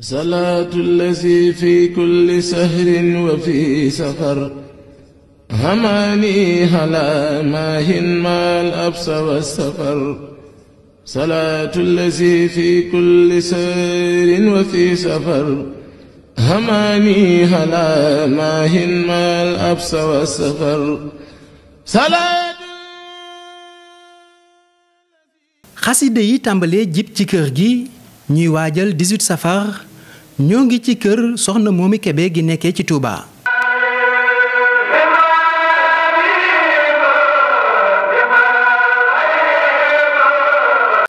صلاة الذي في كل سهر وفي سفر هماني هلا ماهن ما الأبس والسفر صلاة الذي في كل سهر وفي سفر هماني هلا ماهن ما الأبس والسفر صلاة xaside yi tàmbalee jib ci kër gi ñuy waajal 18 safar ñoo ngi ci kër soxna moomi kebe gi nekkee ci Touba.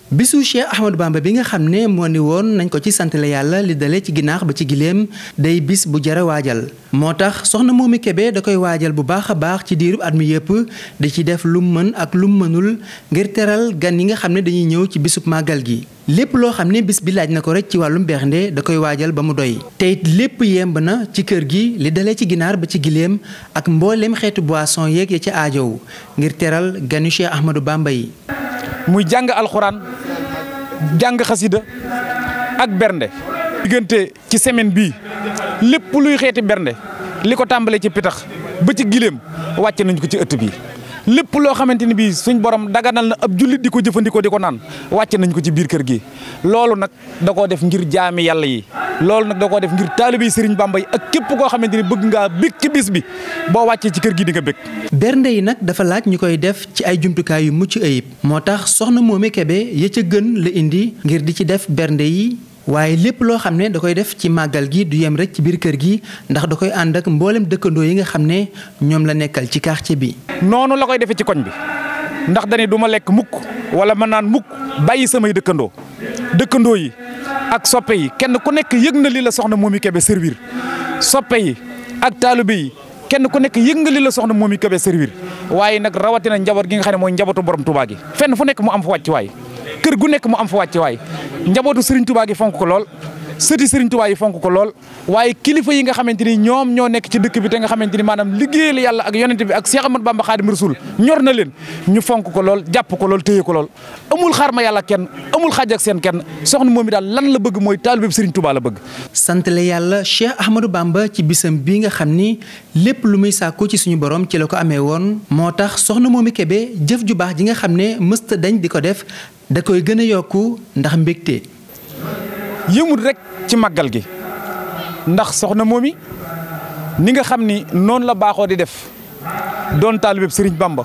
bisu Cheikh Ahmadou Bamba bi nga xam ne moo ni woon nañ ko ci santale yàlla li dale ci ginaar ba ci giléem day bis bu jara waajal moo tax soxna Momy kebe da koy waajal bu baax a baax ci diirub at mi yëpp di ci def lum mën ak lum mënul ngir teral gan yi nga xam ne dañuy ñëw ci bisub màggal gi lépp loo xam ne bis bi laaj na ko rek ci wàllum bernde da koy waajal ba mu doy tey it lépp yemb na ci kër gi li dale ci ginaar ba ci giléem ak mbooleem xeetu boisson yeeg ya aajow ngir teral ganu Cheikh Ahmadou yi jàng xasida ak bernde diggante ci semaine bii lépp luy xeeti bernde li ko tàmbalee ci pitax ba ci gileem wàcce nañ ko ci ëtt bi lépp loo xamante ni bii suñ borom daganal na ab jullit di ko jëfandikoo di ko naan wàcce nañ ko ci biir kër gi loolu nag da koo def ngir jaami yàlla yi loolu nag da koo def ngir taalibe yi Serigne Bamba yi ak képp koo xamante ni bëgg ngaa bég ci bis bi boo wàccee ci kër gi di nga bég. bernde yi nag dafa laaj ñu koy def ci ay jumtukaay yu mucc ayib moo tax soxna Momy Kébé ya ca gën la indi ngir di ci def bernde yi. waaye lépp loo xam ne da koy def ci màggal gi du yem rek ci biir kër gi ndax da koy ànd ak mbooleem dëkkandoo yi nga xam ne ñoom la nekkal ci quartier bi. noonu la koy defee ci koñ bi ndax dañuy du ma lekk mukk wala mën naan mukk samay dëkkandoo dëkkandoo yi ak soppe yi kenn ku nekk yëg na li la soxna Momy Kébé servir soppe yi ak taalibe yi kenn ku nekk yëg nga li la soxna Momy Kébé servir waaye nag rawatina njaboot gi nga xam ne mooy njabootu borom Touba gi fenn fu nekk mu am fu wàcc waay kër gu nekk mu am fa wàcc waay njabootu Serigne Touba fonk ko lool sëti Serigne Touba yi fonk ko lool waaye kilifa yi nga xamante ni ñoom ñoo nekk ci dëkk bi te nga xamante ni maanaam liggéeyal yàlla ak yonente bi ak seex Ahmadou Bamba Khadim Rasoul ñor na leen ñu fonk ko lool jàpp ko lool téye ko lool amul xaar ma yàlla kenn amul xaaj ak seen kenn soxna moom mi daal lan la bëgg mooy taalibe Serigne Touba la bëgg. sant la yàlla Cheikh Ahmadou bàmba ci bisam bi nga xam ni lépp lu muy sàkku ci suñu borom ci la ko amee woon moo tax soxna moomi Kébé jëf ju baax ji nga xam ne mësta dañ di ko def da koy gën a yokku ndax mbégte yëmut rek ci màggal gi ndax soxna moomi ni nga xam ni noonu la baaxoo di def doon taalibeb sëriñ Bamba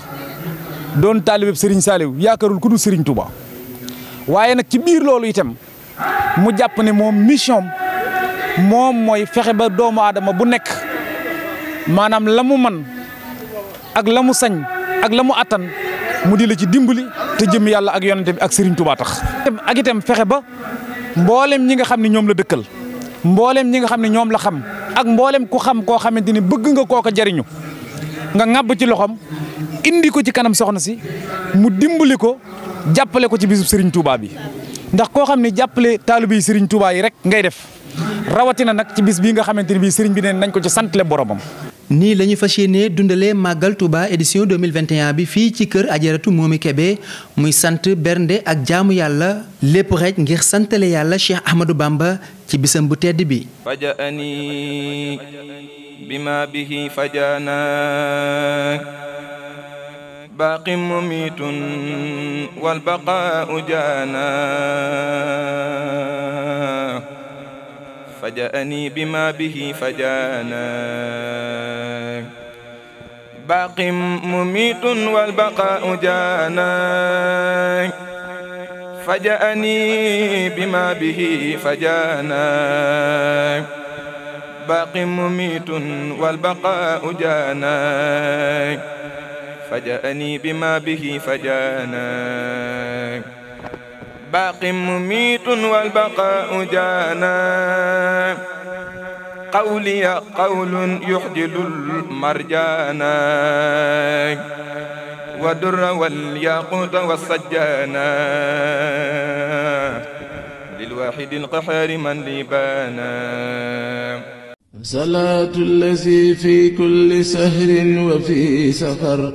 doon taalibeb Serigne Saliou yaakaarul ku dul Serigne Touba waaye nag ci biir loolu itam mu jàpp ne moom mission moom mooy fexe ba doomu aadama bu nekk maanaam la mu man ak la mu sañ ak la mu attan mu di la ci dimbali te jëm yàlla ak yonente bi ak Serigne Touba tax. ak itam fexe ba mboolem ñi nga xam ne ñoom la dëkkal mboolem ñi nga xam ne ñoom la xam ak mboolem ku xam koo xamante ni bëgg nga koo ko jariñu nga ŋàbb ci loxoom indi ko ci kanam soxna si mu dimbali ko jàppale ko ci bisub Serigne Touba bi ndax koo xam ne jàppale taalibe yi Serigne Touba rek ngay def rawatina nag ci bis bii nga xamante ni bii Serigne bi neen nañ ko ci santle boromam. nii la ñu fas yéenee dundalee màggal Touba édition 2021 bi fii ci kër ajaratu Momy Kébé muy sant bernde ak jaamu yàlla lépp rek ngir santale yàlla Cheikh Ahmadou Bamba ci bisam bu tedd bi fajaani bima bihi fajaana baaqi mumitun wal baqaa'u jaana فجأني بما به فجانا باق مميت والبقاء جانا فجأني بما به فجانا باق مميت والبقاء جانا فجأني بما به فجانا باق مميت والبقاء جانا قولي قول يحجل المرجانا والدر والياقوت والسجانا للواحد القحار من لبانا صلاة الذي في كل سهر وفي سفر